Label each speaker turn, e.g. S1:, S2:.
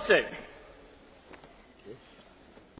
S1: something.